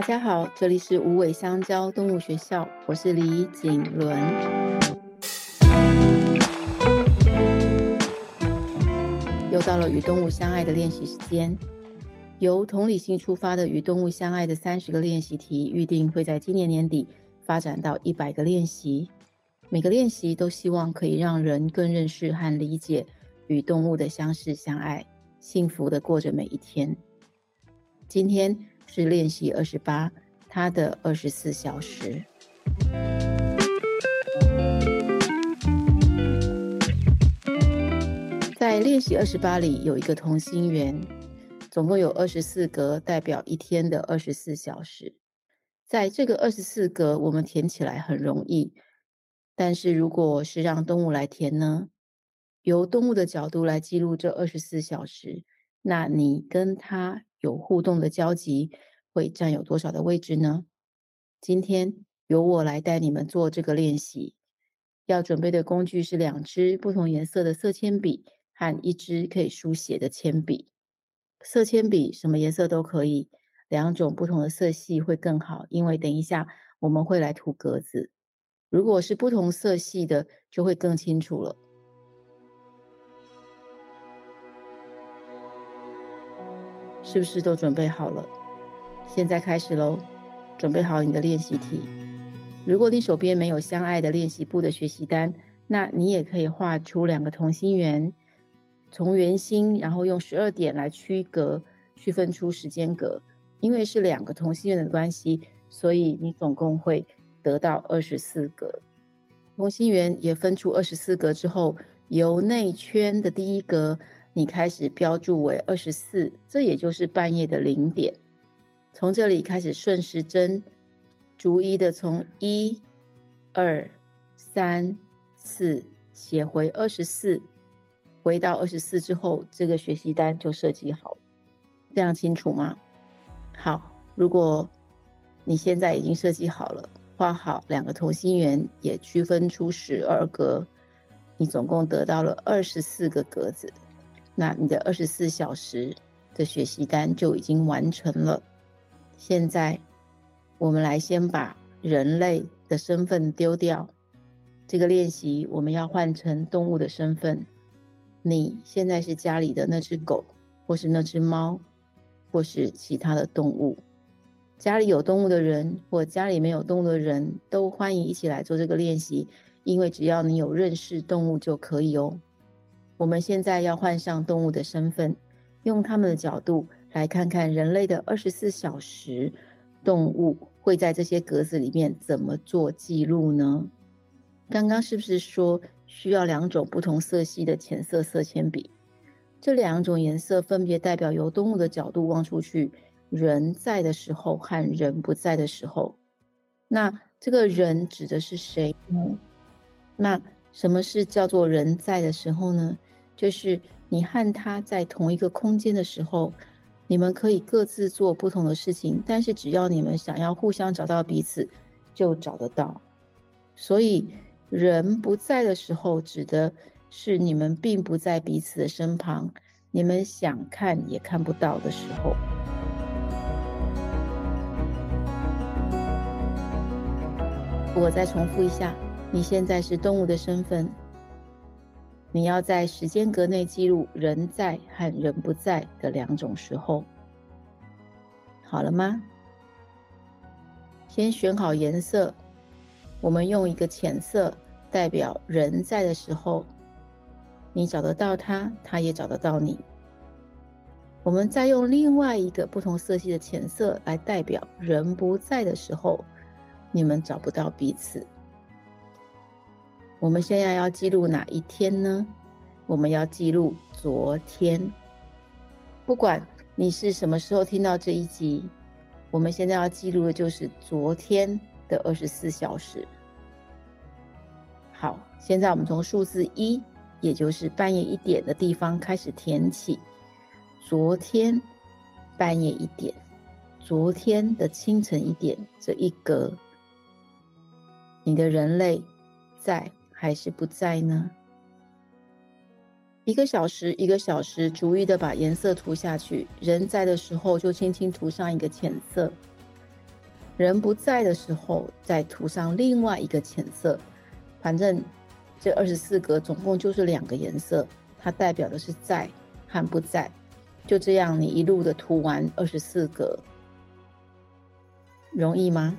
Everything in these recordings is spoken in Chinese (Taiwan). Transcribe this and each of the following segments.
大家好，這裡是無尾香蕉動物學校，我是李瑾倫。又到了與動物相愛的練習時間。由同理心出發的與動物相愛的三十個練習題，預定會在今年年底發展到一百個練習。每個練習都希望可以讓人更認識和理解與動物的相識相愛，幸福的過着每一天。今天。是練習二十八，它的二十四小時。在練習二十八裡有一個同心圓，總共有二十四格，代表一天的二十四小時。在這個二十四格，我們填起來很容易。但是如果是讓動物來填呢？由動物的角度來記錄這二十四小時，那你跟它。有互動的交集會佔有多少的位置呢？今天由我來帶你們做這個練習。要準備的工具是兩支不同顏色的色鉛筆和一支可以書寫的鉛筆。色鉛筆什麼顏色都可以，兩種不同的色系會更好，因為等一下我們會來塗格子。如果是不同色系的，就會更清楚了。是不是都準備好了？現在開始嘍！準備好你的練習題。如果你手邊沒有相愛的練習簿的學習單，那你也可以畫出兩個同心圓，從圓心，然後用十二點來區隔區分出時間隔。因為是兩個同心圓的關係，所以你總共會得到二十四個同心圓，也分出二十四格之後，由內圈的第一格。你開始標注為二十四，這也就是半夜的零點。從這裡開始順時針，逐一的從一、二、三、四寫回二十四，回到二十四之後，這個學習單就設計好了。這樣清楚嗎？好，如果你現在已經設計好了，畫好兩個同心圓，也區分出十二格，你總共得到了二十四個格子。那你的二十四小時的學習單就已經完成了。現在，我們來先把人類的身份丟掉。這個練習我們要換成動物的身份。你現在是家裡的那隻狗，或是那隻貓，或是其他的動物。家裡有動物的人，或家裡沒有動物的人都歡迎一起來做這個練習，因為只要你有認識動物就可以哦。我們現在要換上動物的身份，用他們的角度來看看人類的二十四小時，動物會在這些格子裡面怎麼做記錄呢？剛剛是不是說需要兩種不同色系的淺色色鉛筆？這兩種顏色分別代表由動物的角度望出去，人在的時候和人不在的時候。那這個人指的是誰呢？那什麼是叫做人在的時候呢？就是你和他在同一個空間的時候，你們可以各自做不同的事情，但是只要你們想要互相找到彼此，就找得到。所以，人不在的時候，指的是你們並不在彼此的身旁，你們想看也看不到的時候。我再重複一下，你現在是動物的身份。你要在時間格內記錄人在和人不在的兩種時候，好了嗎？先選好顏色，我們用一個淺色代表人在的時候，你找得到他，他也找得到你。我們再用另外一個不同色系的淺色來代表人不在的時候，你們找不到彼此。我們現在要記錄哪一天呢？我們要記錄昨天。不管你是什麼時候聽到這一集，我們現在要記錄的就是昨天的二十四小時。好，現在我們從數字一，也就是半夜一點的地方開始填起。昨天半夜一點，昨天的清晨一點這一格，你的人類在。還是不在呢？一個小時一個小時，逐一的把顏色塗下去。人在的時候，就輕輕塗上一個淺色；人不在的時候，再塗上另外一個淺色。反正這二十四格，總共就是兩個顏色，它代表的是在和不在。就這樣，你一路的塗完二十四格，容易嗎？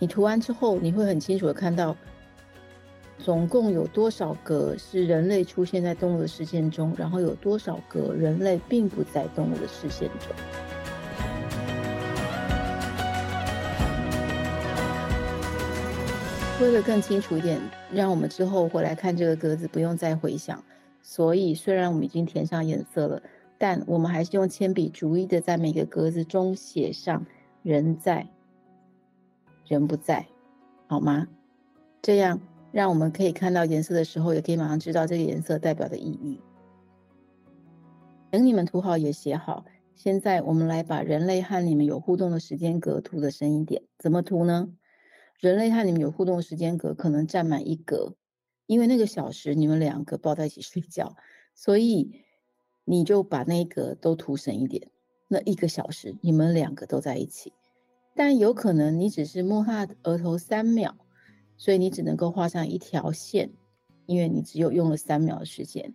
你塗完之後，你會很清楚的看到。總共有多少格是人類出現在動物的視線中？然後有多少個人類並不在動物的視線中？為了更清楚一點，讓我們之後回來看這個格子不用再回想。所以，雖然我們已經填上顏色了，但我們還是用鉛筆逐一的在每個格子中寫上“人在”“人不在”，好嗎？這樣。讓我們可以看到顏色的時候，也可以馬上知道這個顏色代表的意義。等你們塗好也寫好，現在我們來把人類和你們有互動的時間格塗得深一點。怎麼塗呢？人類和你們有互動的時間格可能占滿一格，因為那個小時你們兩個抱在一起睡覺，所以你就把那一格都塗深一點。那一個小時你們兩個都在一起，但有可能你只是摸他額頭三秒。所以你只能夠畫上一條線，因為你只有用了三秒的時間。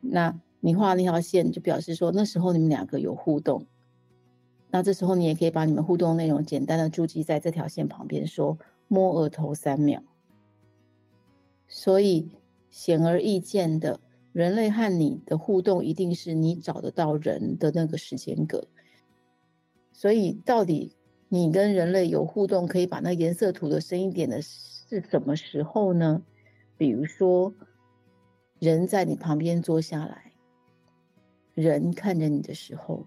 那你畫那條線就表示說那時候你們兩個有互動。那這時候你也可以把你們互動內容簡單的注記在這條線旁邊，說摸額頭三秒。所以顯而易見的，人類和你的互動一定是你找得到人的那個時間格。所以到底你跟人類有互動，可以把那顏色塗得深一點的，是什麼時候呢？比如說，人在你旁邊坐下來，人看着你的時候，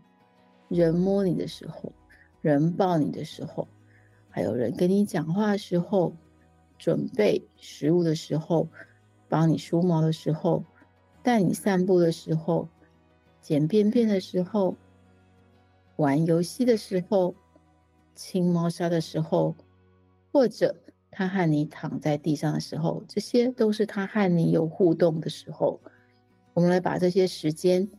人摸你的時候，人抱你的時候，還有人跟你講話的時候，準備食物的時候，幫你梳毛的時候，帶你散步的時候，撿便便的時候，玩遊戲的時候，清貓砂的時候，或者，他和你躺在地上的時候，這些都是他和你有互動的時候。我們來把這些時間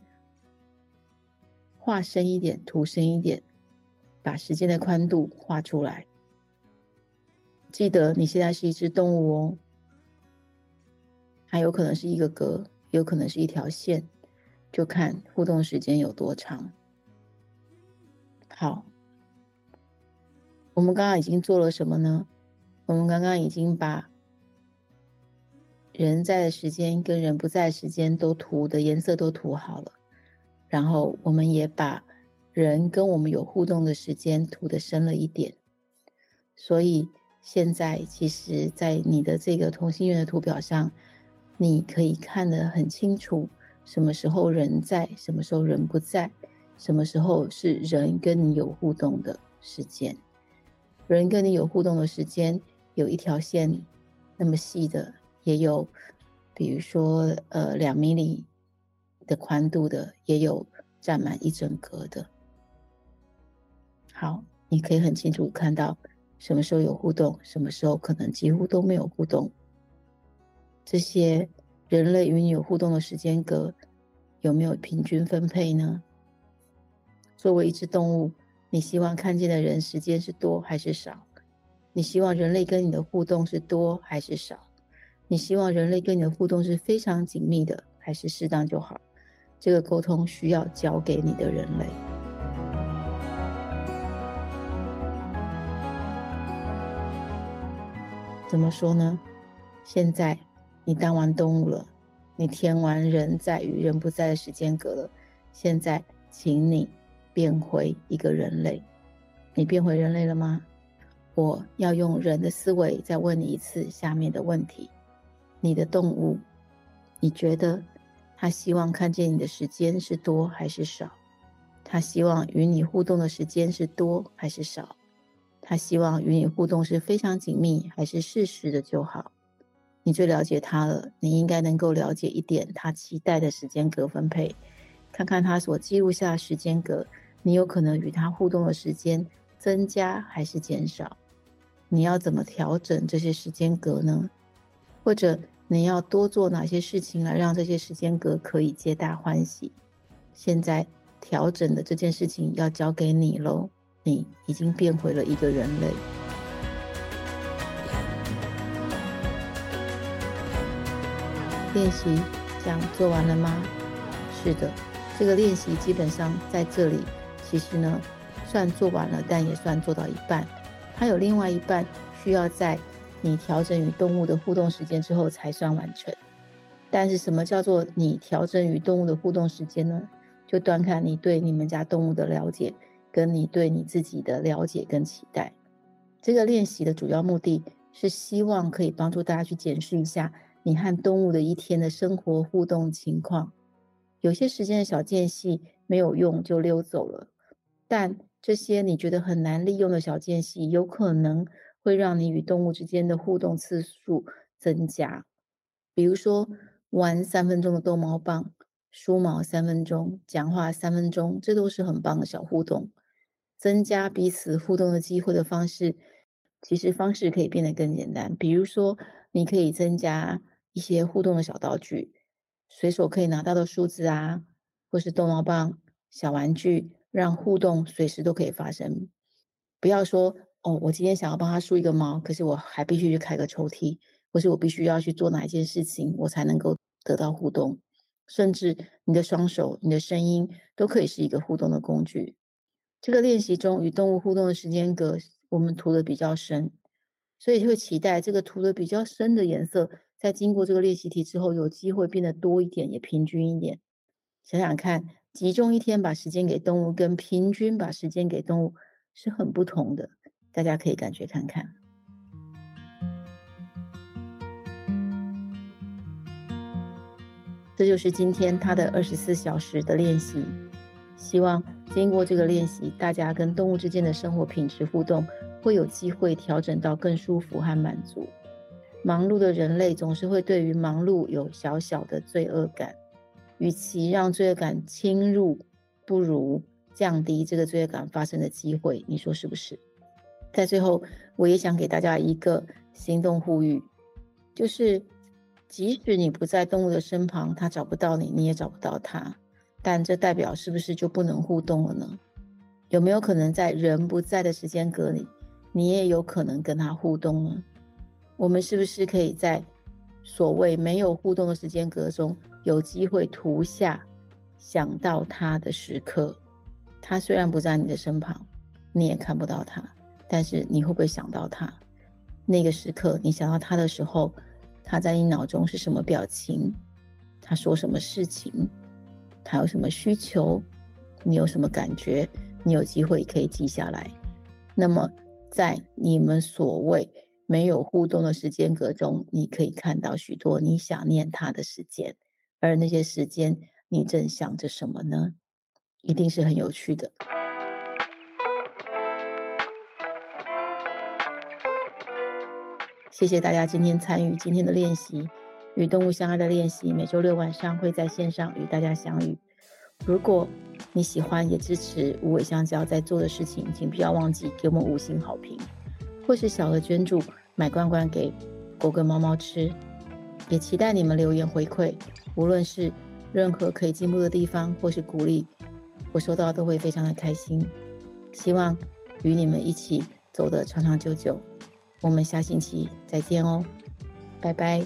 畫深一點、塗深一點，把時間的寬度畫出來。記得你現在是一隻動物哦，還有可能是一個格，有可能是一條線，就看互動時間有多長。好，我們剛剛已經做了什麼呢？我們剛剛已經把人在的時間跟人不在的時間都塗的顏色都塗好了，然後我們也把人跟我們有互動的時間塗得深了一點，所以現在其實在你的這個同心圓的圖表上，你可以看得很清楚什麼時候人在，什麼時候人不在，什麼時候是人跟你有互動的時間，人跟你有互動的時間。有一條線，那麼細的，也有，比如說呃兩毫米的寬度的，也有佔滿一整格的。好，你可以很清楚看到什麼時候有互動，什麼時候可能幾乎都沒有互動。這些人類與你有互動的時間格有沒有平均分配呢？作為一隻動物，你希望看見的人時間是多還是少？你希望人類跟你的互動是多還是少？你希望人類跟你的互動是非常緊密的，還是適當就好？這個溝通需要交給你的人類。怎麼說呢？現在你當完動物了，你填完人在與人不在的時間格了。現在，請你變回一個人類。你變回人類了嗎？我要用人的思維再問你一次下面的問題：你的動物，你覺得他希望看見你的時間是多還是少？他希望與你互動的時間是多還是少？他希望與你互動是非常緊密還是適時的就好？你最了解他了，你應該能夠了解一點他期待的時間格分配，看看他所記錄下的時間格，你有可能與他互動的時間增加還是減少？你要怎麼調整這些時間格呢？或者你要多做哪些事情，來讓這些時間格可以皆大歡喜？現在調整的這件事情要交給你嘍。你已經變回了一個人類。練習這樣做完了嗎？是的，這個練習基本上在這裡，其實呢，算做完了，但也算做到一半。還有另外一半需要在你調整與動物的互動時間之後才算完成。但是，什麼叫做你調整與動物的互動時間呢？就端看你對你們家動物的了解，跟你對你自己的了解跟期待。這個練習的主要目的是希望可以幫助大家去檢視一下你和動物的一天的生活互動情況。有些時間的小間隙沒有用就溜走了，但。這些你覺得很難利用的小間隙，有可能會讓你與動物之間的互動次數增加。比如說，玩三分鐘的逗貓棒、梳毛三分鐘、講話三分鐘，這都是很棒的小互動，增加彼此互動的機會的方式。其實方式可以變得更簡單，比如說，你可以增加一些互動的小道具，隨手可以拿到的梳子啊，或是逗貓棒、小玩具。讓互動隨時都可以發生，不要說哦，我今天想要幫他梳一個毛，可是我還必須去開個抽屜，或是我必須要去做哪一件事情，我才能夠得到互動。甚至你的雙手、你的聲音都可以是一個互動的工具。這個練習中與動物互動的時間格，我們塗的比較深，所以就會期待這個塗的比較深的顏色，在經過這個練習題之後，有機會變得多一點，也平均一點。想想看。集中一天把時間給動物，跟平均把時間給動物是很不同的。大家可以感覺看看。這就是今天他的二十四小時的練習。希望經過這個練習，大家跟動物之間的生活品質互動會有機會調整到更舒服和滿足。忙碌的人類總是會對於忙碌有小小的罪惡感。與其讓罪惡感侵入，不如降低這個罪惡感發生的機會。你說是不是？在最後，我也想給大家一個行動呼籲，就是即使你不在動物的身旁，它找不到你，你也找不到它，但這代表是不是就不能互動了呢？有沒有可能在人不在的時間隔裡，你也有可能跟他互動呢？我們是不是可以在所謂沒有互動的時間隔中，有機會塗下想到他的時刻，他雖然不在你的身旁，你也看不到他，但是你會不會想到他？那個時刻，你想到他的時候，他在你腦中是什麼表情？他說什麼事情？他有什麼需求？你有什麼感覺？你有機會可以記下來。那麼，在你們所謂沒有互動的時間格中，你可以看到許多你想念他的時間。而那些時間，你正想着什麼呢？一定是很有趣的。謝謝大家今天參與今天的練習，與動物相愛的練習。每週六晚上會在線上與大家相遇。如果你喜歡也支持無尾香蕉在做的事情，請不要忘記給我們五星好評，或是小額捐助，買罐罐給狗狗貓貓吃。也期待你們留言回饋，無論是任何可以進步的地方，或是鼓勵，我收到都會非常的開心。希望與你們一起走得長長久久，我們下星期再見哦，拜拜。